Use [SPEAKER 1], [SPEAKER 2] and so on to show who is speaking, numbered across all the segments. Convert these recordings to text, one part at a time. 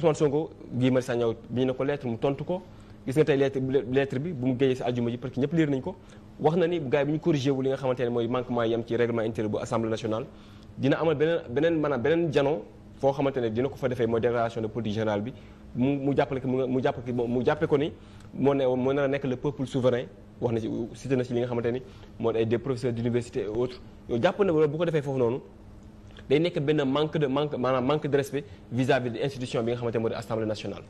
[SPEAKER 1] Ousmane Sonko Guy Marius Sagna bi ñu ne ko lettre mu tontu ko gis nga tey lettre lettre bi bu mu géejee si àjjuma ji parce que ñëpp lire nañ ko wax na ni gars yi bu ñu corrigé li nga xamante mooy manquement yam ci règlement intérieur bu assemblée nationale dina amal beneen janoo foo xamante ne dina ko fa defee mooy déclaration de politique générale bi mu mu jàppale ko mu jàppale mu jàppe ko moo ne moo nar a nekk le peuple souverain wax na ci cité na ci li nga xamante ni moo ay des professeurs d'université et autres yow jàpp ko defee foofu noonu day nekk benn manque de manque de respect vis-à-vis de institution bi nga xamante moo di assemblée nationale.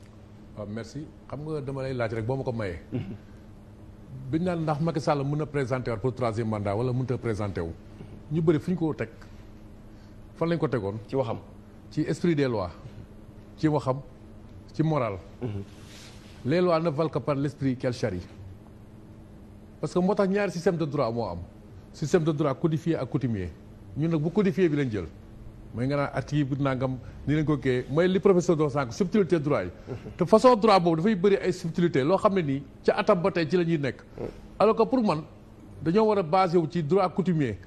[SPEAKER 1] waaw ah, merci xam nga dama lay laaj rek boo ma ko mayee. Mhm. biñ naan ndax Macky Sall mën na présenté waat pour troisième mandat wala mënut a présenté wu. ñu bëri fu ñu ko teg fan lañ ko tegoon. ci waxam ci esprit des lois. ci waxam ci moral. Mhm. les lois ne valent que par l' esprit parce que moo tax ñaari système de droit moo am système de droit codifié ak coutumier ñun nag bu codifié bi lañ jël. mooy nga naan article nangam ni lañ ko kee mooy li professeur doon sànq subtilité droit yi te façon droit boobu dafay bëri ay subtilité loo xam ne nii ca atam ba tey ci la ñuy nekk alors que pour man dañoo war a basé wu ci droit coutumier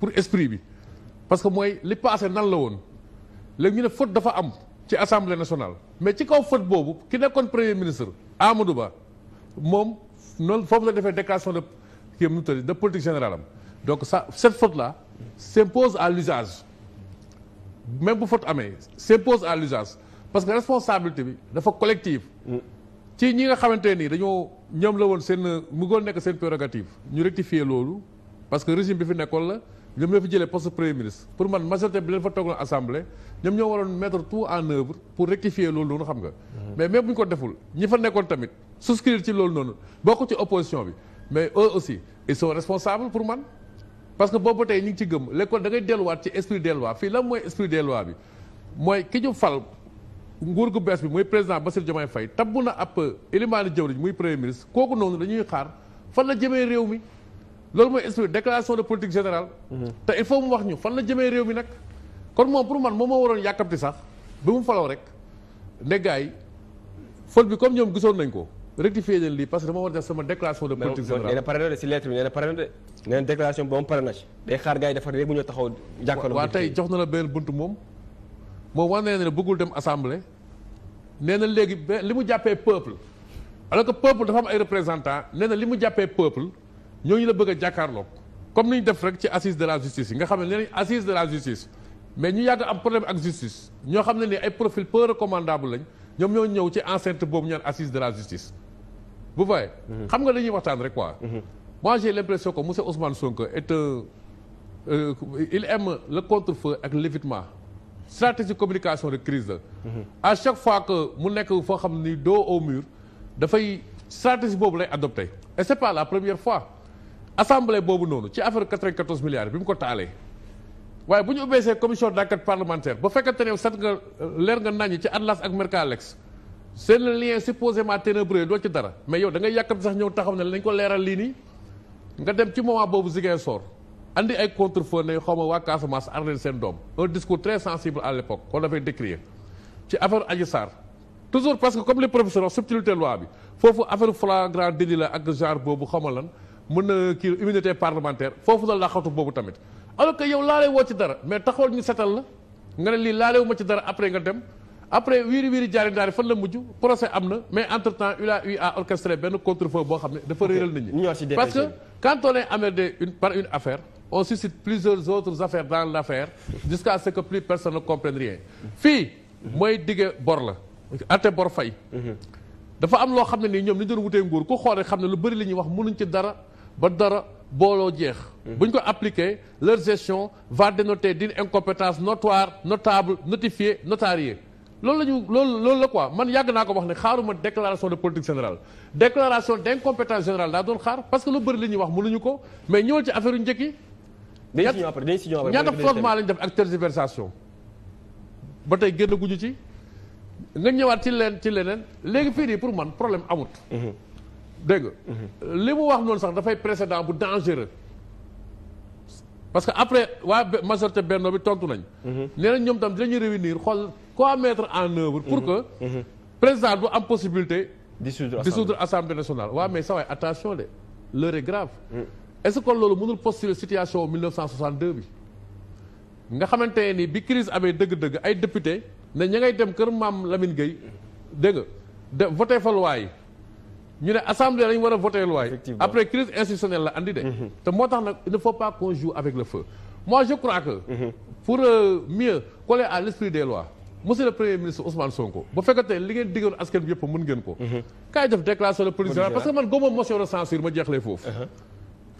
[SPEAKER 1] pour esprit bi parce que mooy li passé nan la woon léegi ñu ne faute dafa am ci assemblée nationale mais ci kaw faute boobu ki nekkoon premier ministre Amadou Ba moom noonu foofu la defee déclaration de kii am nu tëdd am donc ça cette faute là s'impose à l'usage même bu faute amee s'impose à l'usage parce que responsabilité bi dafa collective mm. ci ñi nga xamante nii dañoo ñoom la woon seen mu goon nekk seen prérogative ñu rectifier loolu parce que régime bi fi nekkoon la ñoom ñoo fi jëlee poste premier ministre pour man majorité bi leen fa toogoon assemblée ñoom ñoo waroon mettre tout en œuvre pour rectifier loolu noonu xam nga mm. mais même bu ñu ko deful ñi fa nekkoon tamit souscrire ci loolu noonu bokk ci opposition bi mais eux aussi ils sont pour man parce que boobu tey ñu ngi ci gëm l'école da ngay delluwaat ci esprit des fii lan mooy esprit des bi mooy ki ñu fal nguur gu bees bi muy président Bassirou Diomaye fay tabbu na ab élimaani jëwriñ muy premier ministre kooku noonu lañuy xaar fan la jëmee réew mi loolu mooy esprit déclaration de politique générale mhm. te il faut mu wax ñu fan la jëmee réew mi nag kon moom pour man moo moo waroon yàkkamti sax bi mu faloo rek ne yi fol bi comme ñoom gisoon nañ ko rectifier leen lii parce que dama war a def sama déclaration de politique générale. nee na pare na de si na pare na de nee na déclaration bi moom pare na ci. day xaar gars yi defar léegi bu ñu taxaw jàkkaarloo. waaw tey jox na la benn bunt moom moom wane na ne bëggul dem assemblée nee na léegi li mu jàppee peuple alors que peuple dafa am ay représentants nee na li mu jàppee peuple ñu la bëgg a jàkkaarloo comme ni ñu def rek ci assise de la justice yi nga xam ne nee nañ assise de la justice xam ne ni ay profil peu recommandable lañ ñoom ñoo ñëw ci enceinte boobu ñu naan assise de la justice. vous voyez. Mhm. xam nga dañuy waxtaan rek quoi. Mhm. moi j'ai l'impression que monsieur Ousmane Sonko est euh, il aime le contre-feu ak l'évitement stratégie de communication de crise la. Mhm. à chaque fois que mu nekk foo xam ni doo au mur dafay stratégie boobu lay adopté. et c'est pas la première fois assemblée boobu noonu ci affaire 94 milliards bi mu ko taalee waaye bu ñu ubbee commission d'enquête parlementaire ba fekkente ne sat nga leer nga nañu ci Atlas ak Mercalex. seen le lien supposément ténébreux doo ci dara mais yow da ngay yàkkamti sax ñëw taxaw ne lañ ko leeral lii nii nga dem ci moment boobu Ziguinchor andi ay contre-feu ne xaw ma waa Casamance ar seen doom un discours très sensible à l'époque qu'on avait décrié ci affaire Adji toujours parce que comme les professeurs wax subtilité loi bi foofu affaire flagrant délit ak genre boobu xaw lan mën na kii immunité parlementaire foofu la laxatu boobu tamit alors que yow laale woo ci dara mais taxawal ñu setal la nga laale wu ci dara après nga dem après wiiri wiiri jaari fan la mujj procès am na mais entre temps il a eu à orchestrer benn contre-feu boo xam ne dafa réeral nit parce que quand on est emmerdé une par une affaire on suscite plusieurs autres affaires dans l'affaire jusqu'à ce que plus personne ne fii mooy dige bor la ate bor fay dafa am loo xam ne nii ñoom ni doon wutee nguur ku xool rek xam ne lu bëri li ñuy wax mënuñ ci dara ba dara booloo jeex hmm. bu ñu ko appliquer leur gestion va dénoter d'une incompétence notoire notable notifiée notariée loolu la ñu loolu loolu la quoi man yàgg naa ko wax ne xaaruma déclaration de politique générale déclaration d' incompétence générale daa doon xaar parce que lu bëri li ñuy wax mënuñu ko mais ñëwal ci affaire yu njëkk ñaata frottement lañ def ak tergiversation ba tey génn guñu ci nga ñëwaat ci leen ci leneen léegi fii nii pour man problème amut. Mhm. dégg nga mhm. li mu wax noonu sax dafay précédent bu dangereux. parce que après waa majorité benno bi tontu nañ mhm. nee nañ ñoom tam dinañu réunir xool quoi mettre en œuvre pour mhm. que mhm. président du am possibilité di dissoudre assemblée nationale waaw mais sa waay attention de l'heure est grave mm. est-ce que kon loolu mënul postuler situation bi nga xamante ne ni bi crise amee dëgg-dëgg ay député ne ña ngay dem kër maam lamin Gueye dégg nga de yi ñu ne assemblée lañu war a voter loi après crise institutionnelle la andi de. Mhm. te moo tax nag il ne faut pas qu'on avec le feu moi je crois que mhm. pour euh, mieux coller à l'esprit des lois monsieur le premier ministre Ousmane Sonko bu fekkatee li ngeen diggoon askan bi yëpp mën ngeen ko mhm. kaay def déclaration de politique générale parce que man goma motion de censure ma jeexlee foofu uh-huh.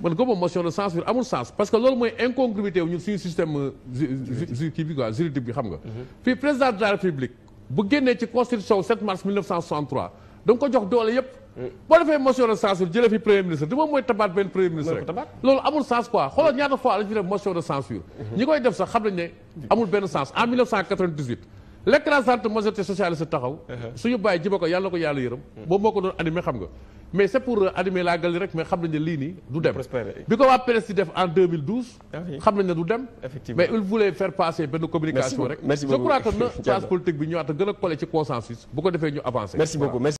[SPEAKER 1] man goma motion de censure amul sens parce que loolu mooy incongruité wu ñun suñu système euh, kii xam nga uh-huh. fii président de la ci constitution 7 mars 1963 da nga ko jox doole yëpp boo defee motion de censure jëlee fi premier ministre du moom mooy tabaat benn premier ministre loolu amul sens quoi xoolal ñaata fois lañ fi def motion ñi koy def sax xam nañ ne amul benn sens en 1998 l'écrasante majorité socialiste taxaw uh-huh. suñu bàyyi jiba ko yàlla ko yàlla yërëm boobu uh-huh. moo ko doon animé xam nga mais c'est pour euh, animer la galerie rek mais xam ne lii nii du dem bi ko waa presse di def en ah xam nañ ne du dem mais il voulait faire passer